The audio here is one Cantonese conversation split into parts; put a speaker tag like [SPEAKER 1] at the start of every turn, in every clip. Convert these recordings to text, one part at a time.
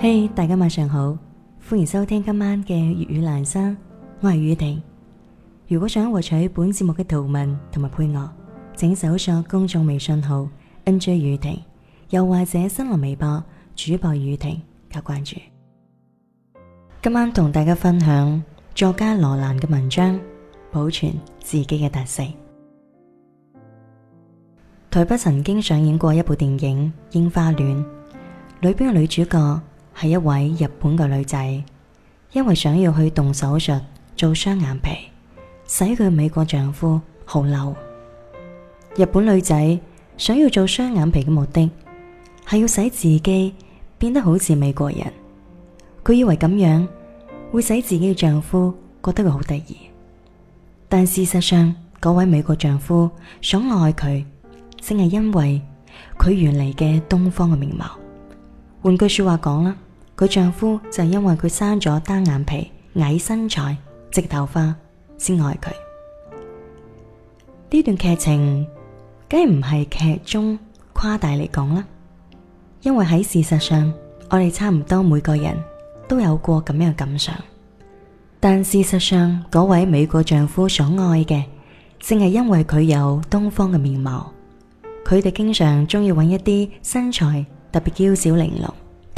[SPEAKER 1] 嘿，hey，大家晚上好，歡迎收聽今晚嘅粵語朗聲，我係雨婷。如果想獲取本節目嘅圖文同埋配樂，請搜索公眾微信號 nj 雨婷，又或者新浪微博主播雨婷加關注。今晚同大家分享作家羅蘭嘅文章《保存自己嘅特色》。台北曾經上演過一部電影《櫻花戀》，裏邊嘅女主角。係一位日本嘅女仔，因為想要去動手術做雙眼皮，使佢美國丈夫好嬲。日本女仔想要做雙眼皮嘅目的，係要使自己變得好似美國人。佢以為咁樣會使自己嘅丈夫覺得佢好得意，但事實上，嗰位美國丈夫想愛佢，正係因為佢原嚟嘅東方嘅面貌。換句說話講啦。佢丈夫就因為佢生咗單眼皮、矮身材、直頭髮，先愛佢。呢段劇情梗係唔係劇中誇大嚟講啦，因為喺事實上，我哋差唔多每個人都有過咁樣嘅感想。但事實上，嗰位美國丈夫所愛嘅，正係因為佢有東方嘅面貌。佢哋經常中意搵一啲身材特別嬌小玲瓏，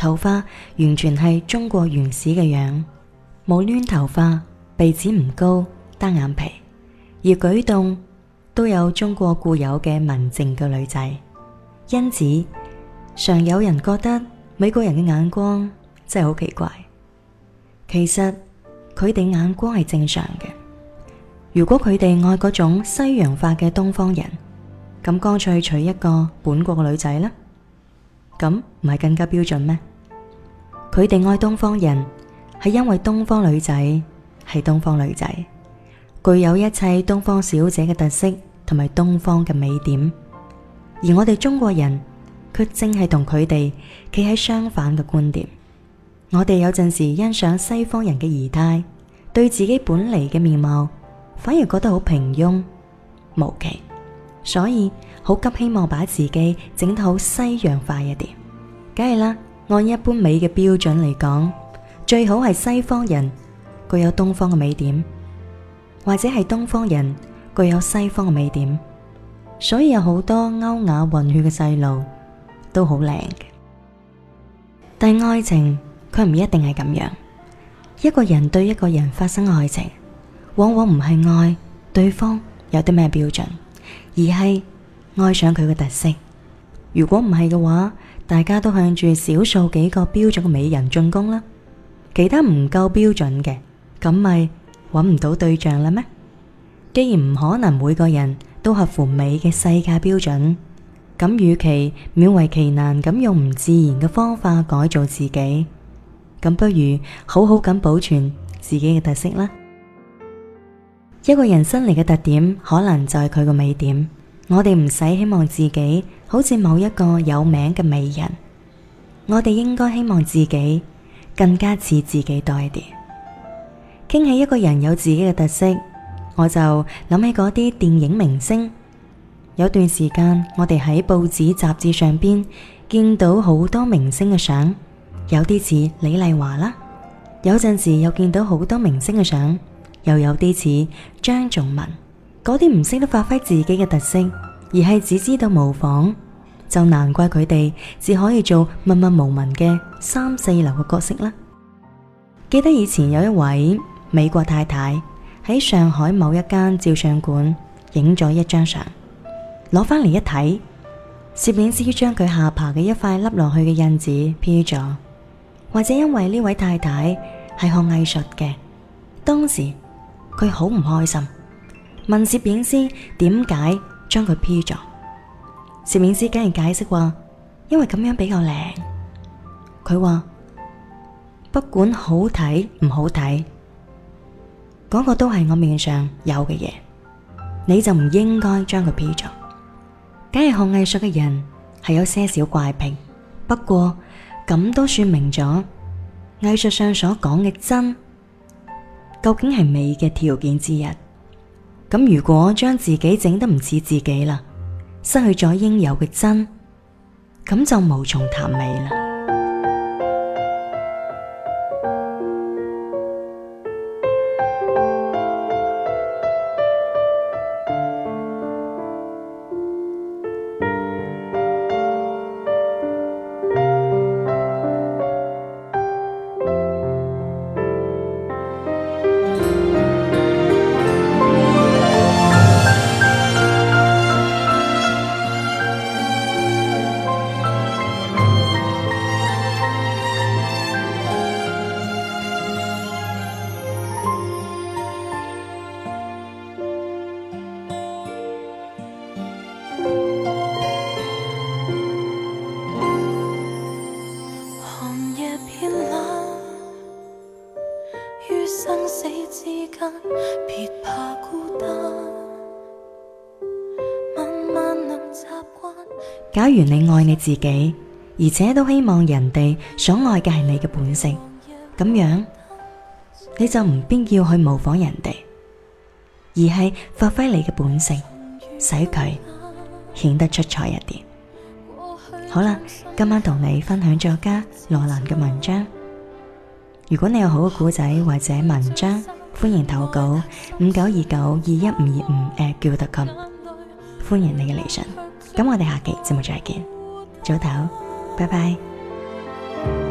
[SPEAKER 1] 頭髮完全係中國原始嘅樣，冇攣頭髮，鼻子唔高，單眼皮，而舉動都有中國固有嘅文靜嘅女仔，因此常有人覺得美國人嘅眼光真係好奇怪。其實佢哋眼光係正常嘅。如果佢哋愛嗰種西洋化嘅東方人，咁乾脆娶一個本國嘅女仔啦，咁唔係更加標準咩？佢哋愛東方人，係因為東方女仔係東方女仔，具有一切東方小姐嘅特色同埋東方嘅美點。而我哋中國人，卻正係同佢哋企喺相反嘅觀點。我哋有陣時欣賞西方人嘅儀態，對自己本嚟嘅面貌反而覺得好平庸無奇，所以好急希望把自己整好西洋化一啲，梗係啦。按一般美嘅標準嚟講，最好係西方人具有東方嘅美點，或者係東方人具有西方嘅美點。所以有好多歐亞混血嘅細路都好靚嘅。但愛情，佢唔一定係咁樣，一個人對一個人發生愛情，往往唔係愛對方有啲咩標準，而係愛上佢嘅特色。如果唔係嘅話，大家都向住少數幾個標準嘅美人進攻啦，其他唔夠標準嘅，咁咪搵唔到對象啦咩？既然唔可能每個人都合乎美嘅世界標準，咁與其勉為其難咁用唔自然嘅方法改造自己，咁不如好好咁保存自己嘅特色啦。一個人生嚟嘅特點，可能就係佢個美點。我哋唔使希望自己好似某一個有名嘅美人，我哋應該希望自己更加似自己多啲。傾起一個人有自己嘅特色，我就諗起嗰啲電影明星。有段時間我哋喺報紙雜誌上邊見到好多明星嘅相，有啲似李麗華啦；有陣時又見到好多明星嘅相，又有啲似張仲文。嗰啲唔識得發揮自己嘅特色，而係只知道模仿，就難怪佢哋只可以做默默無聞嘅三四流嘅角色啦。記得以前有一位美國太太喺上海某一間照相館影咗一張相，攞翻嚟一睇，攝影師將佢下巴嘅一塊凹落去嘅印子 P 咗，或者因為呢位太太係學藝術嘅，當時佢好唔開心。問攝影師點解將佢 P 咗？攝影師竟然解釋話，因為咁樣比較靚。佢話不管好睇唔好睇，嗰個都係我面上有嘅嘢，你就唔應該將佢 P 咗。梗係學藝術嘅人係有些少怪癖，不過咁都說明咗，藝術上所講嘅真，究竟係美嘅條件之一。咁如果將自己整得唔似自己啦，失去咗應有嘅真，咁就無從談美啦。假如你愛你自己，而且都希望人哋所愛嘅係你嘅本性，咁樣你就唔必要去模仿人哋，而係發揮你嘅本性，使佢顯得出彩一啲。好啦，今晚同你分享作家羅蘭嘅文章。如果你有好嘅古仔或者文章，歡迎投稿五九二九二一五二五，a 叫特琴。歡迎你嘅嚟信。咁我哋下期節目再見，早唞，拜拜。